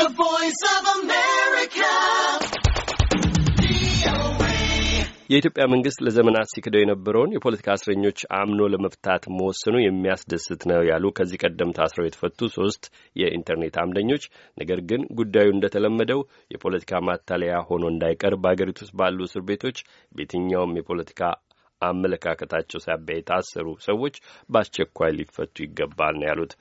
The Voice of America. የኢትዮጵያ መንግስት ለዘመናት ሲክደው የነበረውን የፖለቲካ እስረኞች አምኖ ለመፍታት መወሰኑ የሚያስደስት ነው ያሉ ከዚህ ቀደም ታስረው የተፈቱ ሶስት የኢንተርኔት አምደኞች፣ ነገር ግን ጉዳዩ እንደተለመደው የፖለቲካ ማታለያ ሆኖ እንዳይቀር በአገሪቱ ውስጥ ባሉ እስር ቤቶች በየትኛውም የፖለቲካ አመለካከታቸው ሳቢያ የታሰሩ ሰዎች በአስቸኳይ ሊፈቱ ይገባል ነው ያሉት።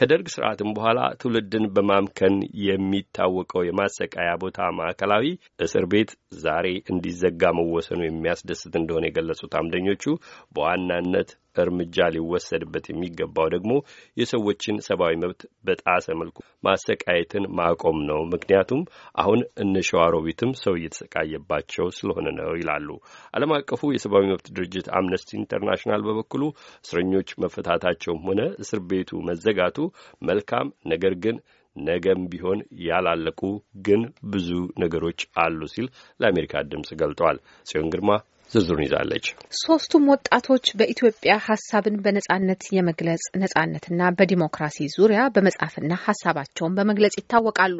ከደርግ ስርዓትም በኋላ ትውልድን በማምከን የሚታወቀው የማሰቃያ ቦታ ማዕከላዊ እስር ቤት ዛሬ እንዲዘጋ መወሰኑ የሚያስደስት እንደሆነ የገለጹት አምደኞቹ በዋናነት እርምጃ ሊወሰድበት የሚገባው ደግሞ የሰዎችን ሰብአዊ መብት በጣሰ መልኩ ማሰቃየትን ማቆም ነው። ምክንያቱም አሁን እነ ሸዋሮቢትም ሰው እየተሰቃየባቸው ስለሆነ ነው ይላሉ። ዓለም አቀፉ የሰብአዊ መብት ድርጅት አምነስቲ ኢንተርናሽናል በበኩሉ እስረኞች መፈታታቸውም ሆነ እስር ቤቱ መዘጋቱ መልካም ነገር ግን ነገም ቢሆን ያላለቁ ግን ብዙ ነገሮች አሉ ሲል ለአሜሪካ ድምፅ ገልጧል። ጽዮን ግርማ ዝርዝሩን ይዛለች። ሶስቱም ወጣቶች በኢትዮጵያ ሀሳብን በነጻነት የመግለጽ ነጻነትና በዲሞክራሲ ዙሪያ በመጻፍና ሀሳባቸውን በመግለጽ ይታወቃሉ።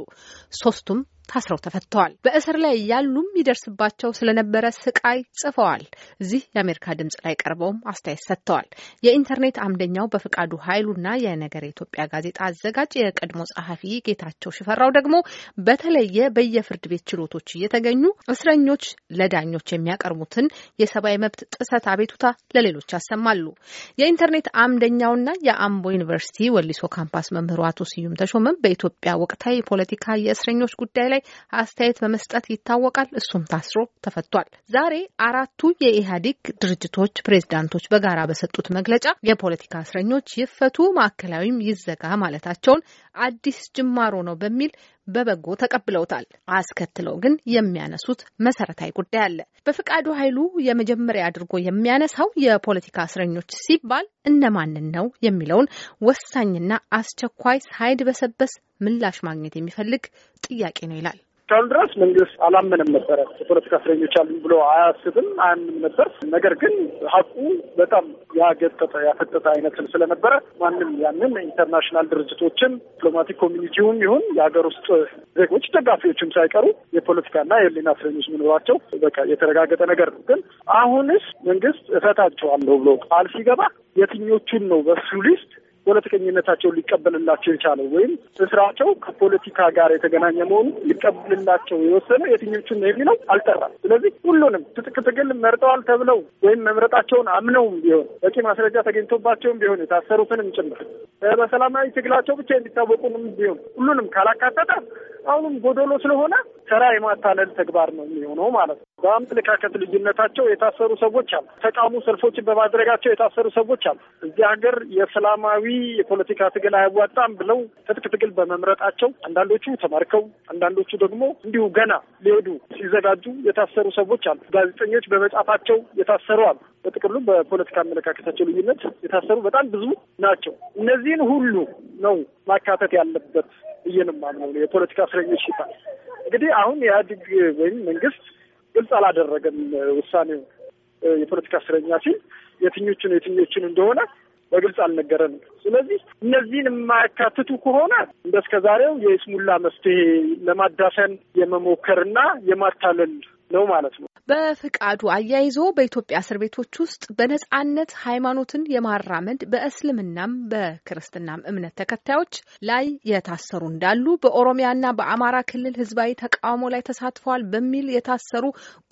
ሶስቱም ታስረው ተፈተዋል። በእስር ላይ ያሉም ይደርስባቸው ስለነበረ ስቃይ ጽፈዋል። እዚህ የአሜሪካ ድምጽ ላይ ቀርበውም አስተያየት ሰጥተዋል። የኢንተርኔት አምደኛው በፍቃዱ ኃይሉና የነገር የኢትዮጵያ ጋዜጣ አዘጋጅ የቀድሞ ጸሐፊ ጌታቸው ሽፈራው ደግሞ በተለየ በየፍርድ ቤት ችሎቶች እየተገኙ እስረኞች ለዳኞች የሚያቀርቡትን የሰብአዊ መብት ጥሰት አቤቱታ ለሌሎች ያሰማሉ። የኢንተርኔት አምደኛውና የአምቦ ዩኒቨርሲቲ ወሊሶ ካምፓስ መምህሩ አቶ ስዩም ተሾመም በኢትዮጵያ ወቅታዊ ፖለቲካ የእስረኞች ጉዳይ ላይ አስተያየት በመስጠት ይታወቃል። እሱም ታስሮ ተፈቷል። ዛሬ አራቱ የኢህአዴግ ድርጅቶች ፕሬዝዳንቶች በጋራ በሰጡት መግለጫ የፖለቲካ እስረኞች ይፈቱ፣ ማዕከላዊም ይዘጋ ማለታቸውን አዲስ ጅማሮ ነው በሚል በበጎ ተቀብለውታል። አስከትለው ግን የሚያነሱት መሰረታዊ ጉዳይ አለ። በፍቃዱ ኃይሉ የመጀመሪያ አድርጎ የሚያነሳው የፖለቲካ እስረኞች ሲባል እነማንን ነው የሚለውን ወሳኝና አስቸኳይ ሳይድ በሰበስ ምላሽ ማግኘት የሚፈልግ ጥያቄ ነው ይላል። እስካሁን ድረስ መንግስት አላመነም ነበረ። የፖለቲካ እስረኞች አሉ ብሎ አያስብም፣ አያምንም ነበር። ነገር ግን ሀቁ በጣም ያገጠጠ ያፈጠጠ አይነት ስለነበረ ማንም ያንን ኢንተርናሽናል ድርጅቶችን ዲፕሎማቲክ ኮሚኒቲውም ይሁን የሀገር ውስጥ ዜጎች ደጋፊዎችም ሳይቀሩ የፖለቲካና የህሊና እስረኞች መኖራቸው በቃ የተረጋገጠ ነገር ነው። ግን አሁንስ መንግስት እፈታቸዋለሁ ብሎ ቃል ሲገባ የትኞቹን ነው በሱ ሊስት ፖለቲከኝነታቸውን ሊቀበልላቸው የቻለው ወይም ስራቸው ከፖለቲካ ጋር የተገናኘ መሆኑ ሊቀበልላቸው የወሰነ የትኞቹን ነው የሚለው አልጠራም። ስለዚህ ሁሉንም ትጥቅ ትግል መርጠዋል ተብለው ወይም መምረጣቸውን አምነውም ቢሆን በቂ ማስረጃ ተገኝቶባቸውም ቢሆን የታሰሩትንም ጭምር በሰላማዊ ትግላቸው ብቻ የሚታወቁንም ቢሆን ሁሉንም ካላካተተ አሁንም ጎዶሎ ስለሆነ ሰራ የማታለል ተግባር ነው የሚሆነው ማለት ነው። በአመለካከት ልዩነታቸው የታሰሩ ሰዎች አሉ። ተቃውሞ ሰልፎችን በማድረጋቸው የታሰሩ ሰዎች አሉ። እዚህ ሀገር የሰላማዊ የፖለቲካ ትግል አያዋጣም ብለው ትጥቅ ትግል በመምረጣቸው አንዳንዶቹ ተማርከው፣ አንዳንዶቹ ደግሞ እንዲሁ ገና ሊሄዱ ሲዘጋጁ የታሰሩ ሰዎች አሉ። ጋዜጠኞች በመጻፋቸው የታሰሩ አሉ። በጥቅሉ በፖለቲካ አመለካከታቸው ልዩነት የታሰሩ በጣም ብዙ ናቸው። እነዚህን ሁሉ ነው ማካተት ያለበት ብዬ ነው የማምነው የፖለቲካ እስረኞች ሲባል እንግዲህ አሁን ኢህአዴግ ወይም መንግስት ግልጽ አላደረገም ውሳኔው የፖለቲካ እስረኛ ሲል የትኞቹን የትኞቹን እንደሆነ በግልጽ አልነገረንም። ስለዚህ እነዚህን የማያካትቱ ከሆነ እንደ እስከ ዛሬው የይስሙላ መፍትሄ ለማዳፈን የመሞከርና የማታለል ነው ማለት ነው። በፍቃዱ አያይዞ በኢትዮጵያ እስር ቤቶች ውስጥ በነጻነት ሃይማኖትን የማራመድ በእስልምናም በክርስትናም እምነት ተከታዮች ላይ የታሰሩ እንዳሉ፣ በኦሮሚያና በአማራ ክልል ህዝባዊ ተቃውሞ ላይ ተሳትፈዋል በሚል የታሰሩ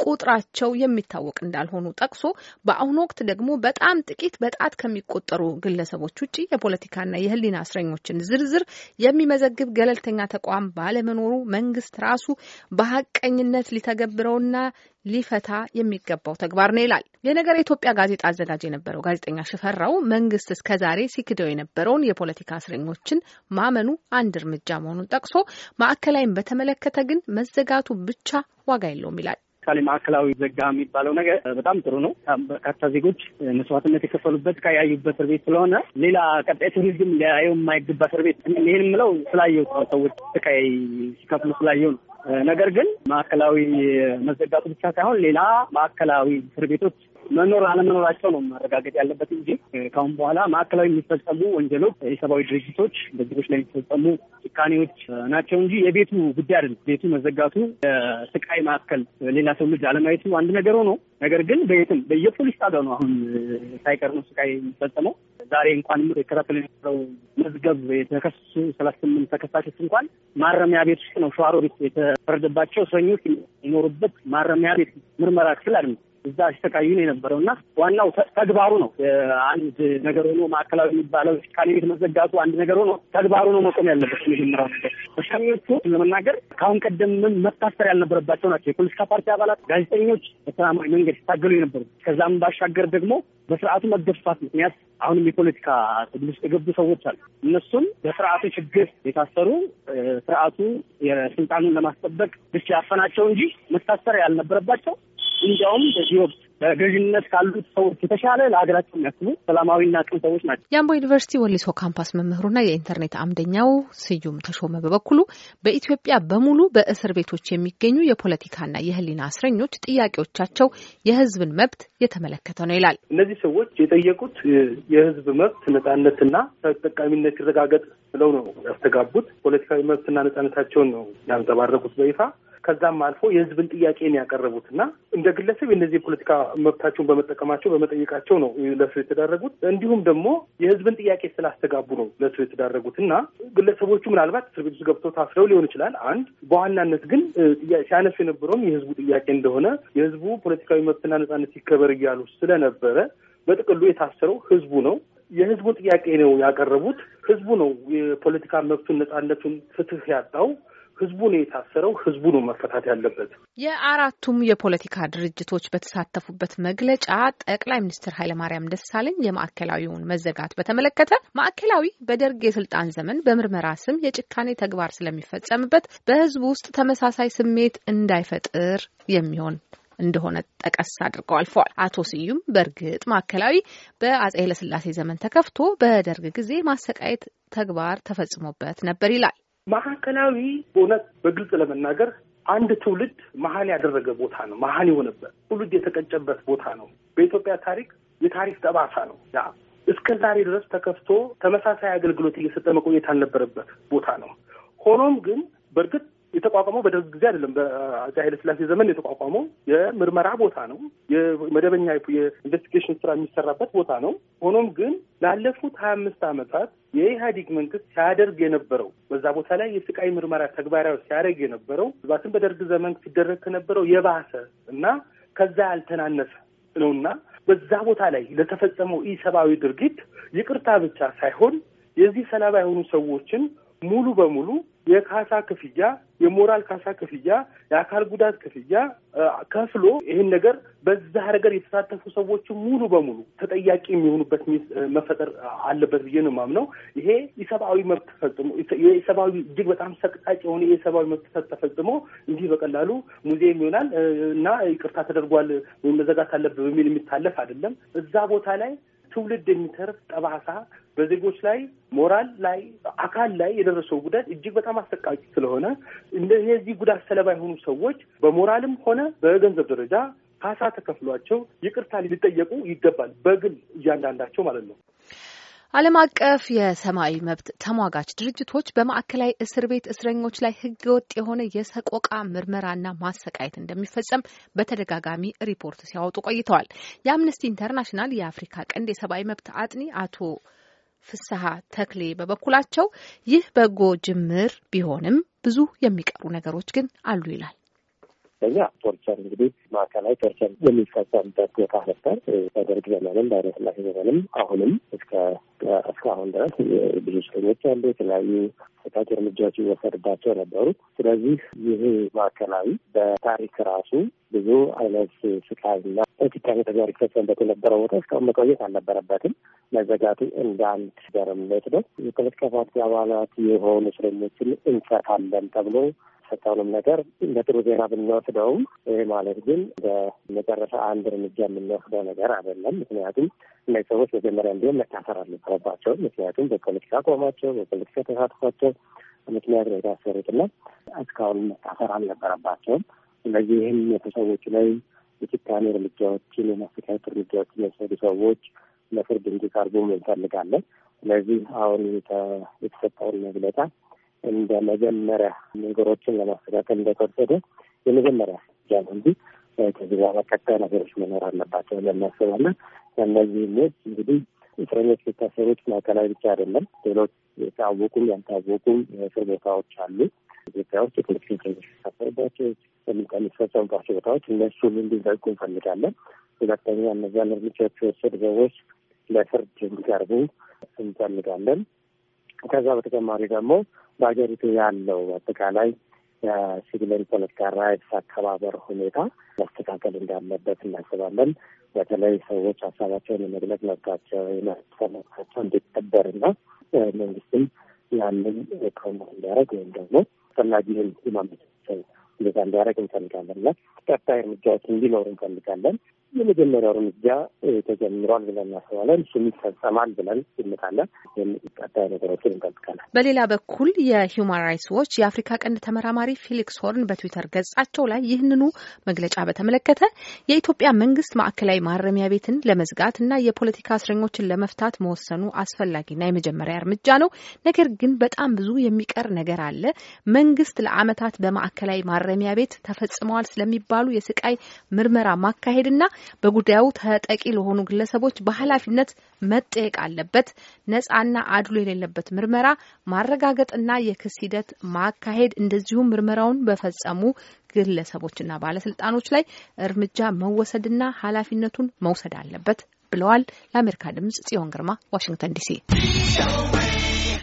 ቁጥራቸው የሚታወቅ እንዳልሆኑ ጠቅሶ በአሁኑ ወቅት ደግሞ በጣም ጥቂት በጣት ከሚቆጠሩ ግለሰቦች ውጭ የፖለቲካና የህሊና እስረኞችን ዝርዝር የሚመዘግብ ገለልተኛ ተቋም ባለመኖሩ መንግስት ራሱ በሀቀኝነት ሊተገብረውና ሊፈታ የሚገባው ተግባር ነው ይላል። የነገር የኢትዮጵያ ጋዜጣ አዘጋጅ የነበረው ጋዜጠኛ ሽፈራው መንግስት እስከዛሬ ሲክደው የነበረውን የፖለቲካ እስረኞችን ማመኑ አንድ እርምጃ መሆኑን ጠቅሶ ማዕከላዊን በተመለከተ ግን መዘጋቱ ብቻ ዋጋ የለውም ይላል። ምሳሌ ማዕከላዊ ዘጋ የሚባለው ነገር በጣም ጥሩ ነው። በርካታ ዜጎች መስዋዕትነት የከፈሉበት ከያዩበት እስር ቤት ስለሆነ ሌላ ቀጣይ ቱሪዝም ሊያየው የማይገባ እስር ቤት ይህን የምለው ስላየው ሰዎች ስቃይ ሲከፍሉ ስላየው ነው። ነገር ግን ማዕከላዊ መዘጋቱ ብቻ ሳይሆን ሌላ ማዕከላዊ እስር ቤቶች መኖር አለመኖራቸው ነው ማረጋገጥ ያለበት እንጂ ከአሁን በኋላ ማዕከላዊ የሚፈጸሙ ወንጀሎች የሰብአዊ ድርጅቶች በዜጎች ላይ የሚፈጸሙ ጭካኔዎች ናቸው እንጂ የቤቱ ጉዳይ አይደለም። ቤቱ መዘጋቱ፣ ስቃይ ማዕከል ሌላ ሰው ልጅ አለማየቱ አንድ ነገር ሆኖ ነገር ግን በየትም በየፖሊስ ጣቢያ ነው አሁን ሳይቀር ነው ስቃይ የሚፈጸመው። ዛሬ እንኳን የከታተል የነበረው መዝገብ የተከሱ ሰላሳ ስምንት ተከሳሾች እንኳን ማረሚያ ቤት ውስጥ ነው ሸዋሮቢት የተፈረደባቸው እስረኞች የሚኖሩበት ማረሚያ ቤት ምርመራ ክፍል አይደለም እዛ ሲሰቃዩ ነው የነበረው እና ዋናው ተግባሩ ነው አንድ ነገር ሆኖ ማዕከላዊ የሚባለው ሽካሌ ቤት መዘጋቱ አንድ ነገር ሆኖ ተግባሩ ነው መቆም ያለበት። መጀመሪያ ተሻሚዎቹ ለመናገር ከአሁን ቀደምም መታሰር ያልነበረባቸው ናቸው። የፖለቲካ ፓርቲ አባላት፣ ጋዜጠኞች በሰላማዊ መንገድ ሲታገሉ የነበሩ ከዛም ባሻገር ደግሞ በስርዓቱ መገፋት ምክንያት አሁንም የፖለቲካ ትግል ውስጥ የገቡ ሰዎች አሉ። እነሱም በስርዓቱ ችግር የታሰሩ ስርዓቱ የስልጣኑን ለማስጠበቅ ብቻ ያፈናቸው እንጂ መታሰር ያልነበረባቸው እንዲያውም በዚዮ በገዥነት ካሉት ሰዎች የተሻለ ለሀገራቸው የሚያስቡ ሰላማዊና ቅን ሰዎች ናቸው። የአምቦ ዩኒቨርሲቲ ወሊሶ ካምፓስ መምህሩና የኢንተርኔት አምደኛው ስዩም ተሾመ በበኩሉ በኢትዮጵያ በሙሉ በእስር ቤቶች የሚገኙ የፖለቲካና የሕሊና እስረኞች ጥያቄዎቻቸው የሕዝብን መብት የተመለከተ ነው ይላል። እነዚህ ሰዎች የጠየቁት የሕዝብ መብት ነጻነትና ተጠቃሚነት ሲረጋገጥ ብለው ነው ያስተጋቡት። ፖለቲካዊ መብትና ነጻነታቸውን ነው ያንጸባረቁት በይፋ ከዛም አልፎ የህዝብን ጥያቄ ነው ያቀረቡት እና እንደ ግለሰብ የነዚህ የፖለቲካ መብታቸውን በመጠቀማቸው በመጠየቃቸው ነው ለእስር የተዳረጉት። እንዲሁም ደግሞ የህዝብን ጥያቄ ስላስተጋቡ ነው ለእስር የተዳረጉት እና ግለሰቦቹ ምናልባት እስር ቤት ውስጥ ገብተው ታስረው ሊሆን ይችላል። አንድ በዋናነት ግን ሲያነሱ የነበረውም የህዝቡ ጥያቄ እንደሆነ የህዝቡ ፖለቲካዊ መብትና ነጻነት ይከበር እያሉ ስለነበረ በጥቅሉ የታሰረው ህዝቡ ነው። የህዝቡን ጥያቄ ነው ያቀረቡት። ህዝቡ ነው የፖለቲካ መብቱን ነጻነቱን ፍትህ ያጣው። ህዝቡ ነው የታሰረው፣ ህዝቡ ነው መፈታት ያለበት። የአራቱም የፖለቲካ ድርጅቶች በተሳተፉበት መግለጫ ጠቅላይ ሚኒስትር ኃይለማርያም ደሳለኝ የማዕከላዊውን መዘጋት በተመለከተ ማዕከላዊ በደርግ የስልጣን ዘመን በምርመራ ስም የጭካኔ ተግባር ስለሚፈጸምበት በህዝቡ ውስጥ ተመሳሳይ ስሜት እንዳይፈጥር የሚሆን እንደሆነ ጠቀስ አድርገው አልፈዋል። አቶ ስዩም በእርግጥ ማዕከላዊ በአጼ ኃይለስላሴ ዘመን ተከፍቶ በደርግ ጊዜ ማሰቃየት ተግባር ተፈጽሞበት ነበር ይላል። ማዕከላዊ እውነት በግልጽ ለመናገር አንድ ትውልድ መሀን ያደረገ ቦታ ነው። መሀን የሆነበት ትውልድ የተቀጨበት ቦታ ነው። በኢትዮጵያ ታሪክ የታሪክ ጠባሳ ነው። ያ እስከ ዛሬ ድረስ ተከፍቶ ተመሳሳይ አገልግሎት እየሰጠ መቆየት አልነበረበት ቦታ ነው። ሆኖም ግን በእርግጥ የተቋቋመው በደርግ ጊዜ አይደለም። በአፄ ኃይለስላሴ ዘመን የተቋቋመው የምርመራ ቦታ ነው። የመደበኛ የኢንቨስቲጌሽን ስራ የሚሰራበት ቦታ ነው። ሆኖም ግን ላለፉት ሀያ አምስት ዓመታት የኢህአዴግ መንግስት ሲያደርግ የነበረው በዛ ቦታ ላይ የስቃይ ምርመራ ተግባራዊ ሲያደርግ የነበረው ባትም በደርግ ዘመን ሲደረግ ከነበረው የባሰ እና ከዛ ያልተናነሰ ነውና በዛ ቦታ ላይ ለተፈጸመው ኢሰብአዊ ድርጊት ይቅርታ ብቻ ሳይሆን የዚህ ሰለባ የሆኑ ሰዎችን ሙሉ በሙሉ የካሳ ክፍያ፣ የሞራል ካሳ ክፍያ፣ የአካል ጉዳት ክፍያ ከፍሎ ይህን ነገር በዛ ነገር የተሳተፉ ሰዎች ሙሉ በሙሉ ተጠያቂ የሚሆኑበት መፈጠር አለበት ብዬ ነው የማምነው። ይሄ የሰብአዊ መብት ተፈጽሞ የሰብአዊ እጅግ በጣም ሰቅጣጭ የሆነ የሰብአዊ መብት ተፈጽሞ እንዲህ በቀላሉ ሙዚየም ይሆናል እና ይቅርታ ተደርጓል ወይም መዘጋት አለብህ በሚል የሚታለፍ አይደለም። እዛ ቦታ ላይ ትውልድ የሚተርፍ ጠባሳ በዜጎች ላይ ሞራል ላይ አካል ላይ የደረሰው ጉዳት እጅግ በጣም አሰቃቂ ስለሆነ እንደዚህ ጉዳት ሰለባ የሆኑ ሰዎች በሞራልም ሆነ በገንዘብ ደረጃ ካሳ ተከፍሏቸው ይቅርታ ሊጠየቁ ይገባል። በግል እያንዳንዳቸው ማለት ነው። ዓለም አቀፍ የሰብአዊ መብት ተሟጋች ድርጅቶች በማዕከላዊ እስር ቤት እስረኞች ላይ ህገወጥ የሆነ የሰቆቃ ምርመራና ማሰቃየት እንደሚፈጸም በተደጋጋሚ ሪፖርት ሲያወጡ ቆይተዋል። የአምነስቲ ኢንተርናሽናል የአፍሪካ ቀንድ የሰብአዊ መብት አጥኒ አቶ ፍስሀ ተክሌ በበኩላቸው ይህ በጎ ጅምር ቢሆንም ብዙ የሚቀሩ ነገሮች ግን አሉ ይላል። ሁለተኛ ቶርቸር እንግዲህ ማዕከላዊ ቶርቸር የሚፈጸምበት ቦታ ነበር። በደርግ ዘመንም በኃይለሥላሴ ዘመንም አሁንም እስከ እስካሁን ድረስ ብዙ እስረኞች አሉ። የተለያዩ የታች እርምጃዎች ይወሰድባቸው ነበሩ። ስለዚህ ይሄ ማዕከላዊ በታሪክ ራሱ ብዙ አይነት ስቃይና ጭካኔ ተግባር ይፈጸምበት የነበረው ቦታ እስካሁን መቆየት አልነበረበትም። መዘጋቱ እንደ አንድ ገርምት ነው። የፖለቲካ ፓርቲ አባላት የሆኑ እስረኞችን እንፈታለን ተብሎ የተፈጠረውንም ነገር በጥሩ ዜና ብንወስደውም ይህ ማለት ግን በመጨረሻ አንድ እርምጃ የምንወስደው ነገር አይደለም። ምክንያቱም እነዚህ ሰዎች መጀመሪያ እንዲሆን መታሰር አልነበረባቸውም። ምክንያቱም በፖለቲካ አቋማቸው፣ በፖለቲካ ተሳትፏቸው ምክንያት ነው የታሰሩትና እስካሁን መታሰር አልነበረባቸውም። ስለዚህ ይህም የተሰዎች ላይ የጭካኔ እርምጃዎችን የማስተካከት እርምጃዎችን የወሰዱ ሰዎች ለፍርድ እንዲቀርቡ እንፈልጋለን። ስለዚህ አሁን የተሰጠውን መግለጫ እንደ መጀመሪያ ነገሮችን ለማስተካከል እንደተወሰደ የመጀመሪያ ጃም እንጂ ከዚህ በኋላ ቀጣይ ነገሮች መኖር አለባቸው ብለን እናስባለን። እነዚህ እነዚህም እንግዲህ እስረኞች የሚታሰሩት ማዕከላዊ ብቻ አይደለም። ሌሎች የታወቁም ያልታወቁም የእስር ቦታዎች አሉ ኢትዮጵያ ውስጥ የፖለቲካ እስረኞች የሚታሰሩባቸው የሚፈጸሙባቸው ቦታዎች እነሱም እንዲዘጉ እንፈልጋለን። ሁለተኛ እነዚያን እርምጃዎች የወሰዱ ሰዎች ለፍርድ እንዲቀርቡ እንፈልጋለን። ከዛ በተጨማሪ ደግሞ በሀገሪቱ ያለው አጠቃላይ የሲቪልን ፖለቲካ ራይትስ አከባበር ሁኔታ መስተካከል እንዳለበት እናስባለን። በተለይ ሰዎች ሀሳባቸውን የመግለጽ መብታቸው የመሰ መብታቸው እንዲከበርና መንግስትም ያንን ፕሮሞት እንዲያደረግ ወይም ደግሞ አስፈላጊውን ማመቻቸው ሁኔታ እንዲያደረግ እንፈልጋለን እና ቀጣይ እርምጃዎች እንዲኖሩ እንፈልጋለን። የመጀመሪያው እርምጃ ተጀምሯል ብለን እናስባለን። እሱም ይፈጸማል ብለን ይምታለን። ቀጣይ ነገሮችን እንጠብቃለን። በሌላ በኩል የሂውማን ራይትስ ዎች የአፍሪካ ቀንድ ተመራማሪ ፊሊክስ ሆርን በትዊተር ገጻቸው ላይ ይህንኑ መግለጫ በተመለከተ የኢትዮጵያ መንግስት ማዕከላዊ ማረሚያ ቤትን ለመዝጋት እና የፖለቲካ እስረኞችን ለመፍታት መወሰኑ አስፈላጊና የመጀመሪያ እርምጃ ነው። ነገር ግን በጣም ብዙ የሚቀር ነገር አለ። መንግስት ለዓመታት በማዕከላዊ ማረሚያ ቤት ተፈጽመዋል ስለሚባሉ የስቃይ ምርመራ ማካሄድና በጉዳዩ ተጠቂ ለሆኑ ግለሰቦች በኃላፊነት መጠየቅ አለበት። ነጻና አድሎ የሌለበት ምርመራ ማረጋገጥና የክስ ሂደት ማካሄድ እንደዚሁም ምርመራውን በፈጸሙ ግለሰቦችና ባለስልጣኖች ላይ እርምጃ መወሰድና ኃላፊነቱን መውሰድ አለበት ብለዋል። ለአሜሪካ ድምጽ ጽዮን ግርማ ዋሽንግተን ዲሲ